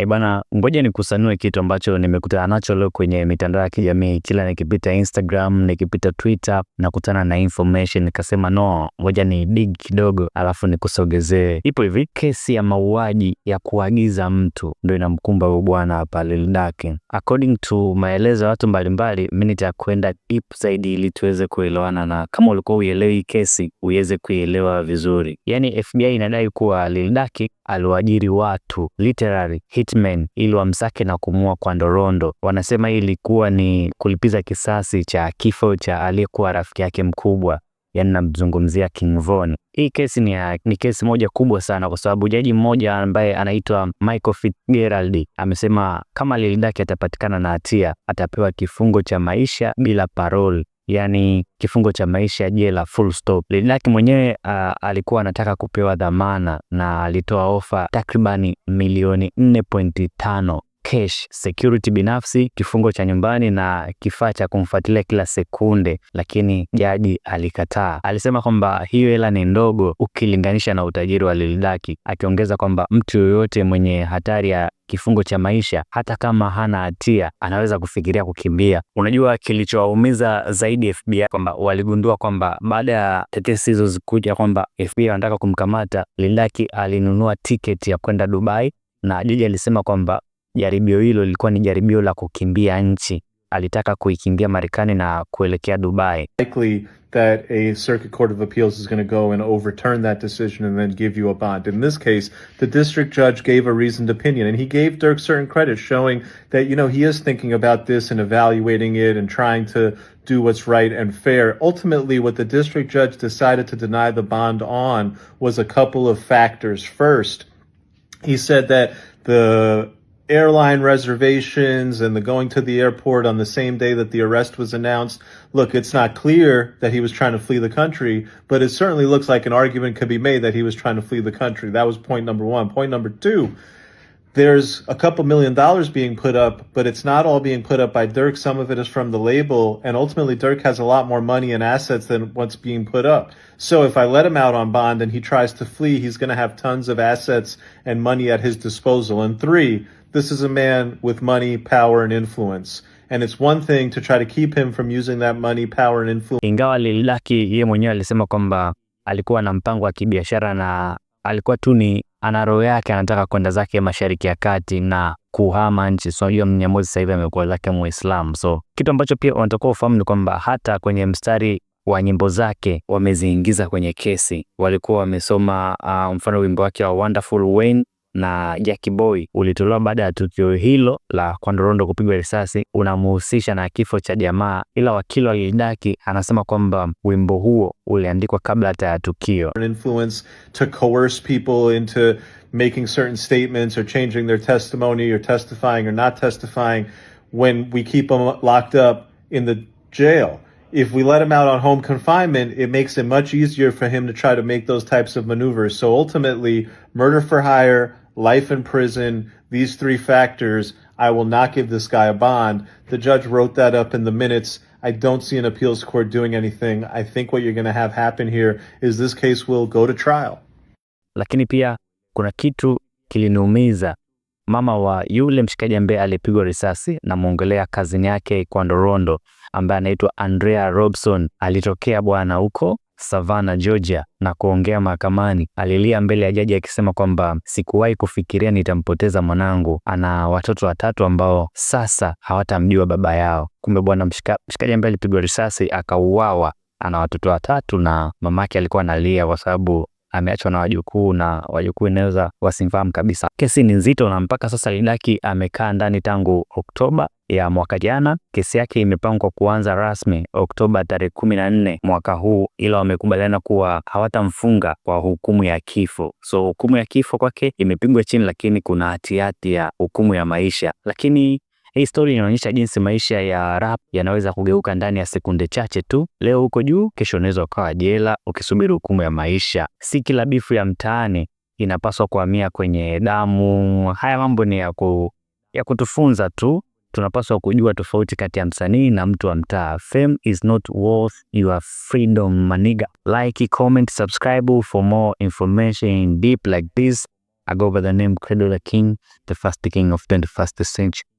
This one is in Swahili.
E eh, bwana, ngoja nikusanue kitu ambacho nimekutana nacho leo kwenye mitandao ya kijamii. Kila nikipita Instagram, nikipita Twitter nakutana na information, nikasema no, ngoja ni dig kidogo, alafu nikusogezee. Ipo hivi, kesi ya mauaji ya kuagiza mtu ndio inamkumba huyu bwana hapa Lil Durk. According to maelezo ya watu mbalimbali, mimi nitakwenda deep zaidi ili tuweze kuelewana, na kama ulikuwa uielewi kesi uweze kuielewa vizuri. Yani FBI inadai kuwa Lil Durk aliwaajiri watu literally hit Batman ili wamsake na kumua kwa Ndorondo. Wanasema ilikuwa ni kulipiza kisasi cha kifo cha aliyekuwa rafiki yake mkubwa, yani namzungumzia King Von. Hii kesi ni, ni kesi moja kubwa sana kwa sababu jaji mmoja ambaye anaitwa Michael Fitzgerald amesema kama Lil Durk atapatikana na hatia atapewa kifungo cha maisha bila parole yani kifungo cha maisha jela full stop. Laki mwenyewe uh, alikuwa anataka kupewa dhamana na alitoa ofa takribani milioni 4.5 cash, security binafsi, kifungo cha nyumbani na kifaa cha kumfuatilia kila sekunde, lakini jaji alikataa. Alisema kwamba hiyo hela ni ndogo ukilinganisha na utajiri wa Lilidaki, akiongeza kwamba mtu yoyote mwenye hatari ya kifungo cha maisha hata kama hana hatia anaweza kufikiria kukimbia. Unajua, kilichowaumiza zaidi FBI kwamba waligundua kwamba baada ya tetesi hizo zikuja kwamba FBI wanataka kumkamata Lilidaki, alinunua tiketi ya kwenda Dubai na jaji alisema kwamba Jaribio hilo lilikuwa ni jaribio la kukimbia nchi. Alitaka kuikimbia Marekani na kuelekea Dubai. Likely that a circuit court of appeals is going to go and overturn that decision and then give you a bond. In this case, the district judge gave a reasoned opinion and he gave Dirk certain credit showing that you know he is thinking about this and evaluating it and trying to do what's right and fair. Ultimately, what the district judge decided to deny the bond on was a couple of factors. First, he said that the airline reservations and the going to the airport on the same day that the arrest was announced. Look, it's not clear that he was trying to flee the country, but it certainly looks like an argument could be made that he was trying to flee the country. That was point number one. Point number two, there's a couple million dollars being put up, but it's not all being put up by Dirk. Some of it is from the label, and ultimately Dirk has a lot more money and assets than what's being put up. So if I let him out on bond and he tries to flee, he's going to have tons of assets and money at his disposal. And three, This is a man with money, power, and influence. And it's one thing to try to keep him from using that money, power, and influence. Ingawa lilaki yeye mwenyewe alisema kwamba alikuwa na mpango wa kibiashara na alikuwa tu ni ana roho yake, anataka kwenda zake Mashariki ya Kati na kuhama nchi. So hiyo Mnyamwezi sasa hivi amekuwa zake Muislamu. So kitu ambacho pia unatakiwa ufahamu ni kwamba hata kwenye mstari wa nyimbo zake wameziingiza kwenye kesi, walikuwa wamesoma uh, mfano wimbo wake wa Wonderful Wayne na Jack Boy ulitolewa baada ya tukio hilo la Kwandorondo kupigwa risasi unamhusisha na kifo cha jamaa, ila wakili wa Kidaki anasema kwamba wimbo huo uliandikwa kabla hata ya tukio. An influence to coerce people into making certain statements or changing their testimony or testifying or not testifying when we keep them locked up in the jail. if we let him out on home confinement, it makes it much easier for him to try to make those types of maneuvers. So ultimately, murder for hire, life in prison, these three factors, I will not give this guy a bond. The judge wrote that up in the minutes. I don't see an appeals court doing anything. I think what you're going to have happen here is this case will go to trial. Lakini pia kuna kitu kiliniumiza. Mama wa yule mshikaji ambaye alipigwa risasi, namwongelea kazini yake rondo ambaye anaitwa Andrea Robson alitokea bwana huko Savannah, Georgia na kuongea mahakamani. Alilia mbele ya jaji akisema kwamba sikuwahi kufikiria nitampoteza mwanangu, ana watoto watatu ambao sasa hawatamjua baba yao. Kumbe bwana mshika, mshikaji ambaye alipigwa risasi akauawa ana watoto watatu na mamake alikuwa analia kwa sababu ameachwa na wajukuu na wajukuu inaweza wasimfahamu kabisa. Kesi ni nzito na mpaka sasa Lidaki amekaa ndani tangu Oktoba ya mwaka jana. Kesi yake imepangwa kuanza rasmi Oktoba tarehe kumi na nne mwaka huu, ila wamekubaliana kuwa hawatamfunga kwa hukumu ya kifo. So hukumu ya kifo kwake imepigwa chini, lakini kuna hatihati ya hukumu ya maisha. Lakini hii stori inaonyesha jinsi maisha ya rap yanaweza kugeuka ndani ya sekunde chache tu. Leo huko juu, kesho unaweza ukawa jela ukisubiri hukumu ya maisha. Si kila bifu ya mtaani inapaswa kuhamia kwenye damu. Haya mambo ni ya, ku, ya kutufunza tu tunapaswa kujua tofauti kati ya msanii na mtu wa mtaa. Fame is not worth your freedom maniga. Like, comment, subscribe for more information deep like this. I go by the name credula King, the first king of 21st century.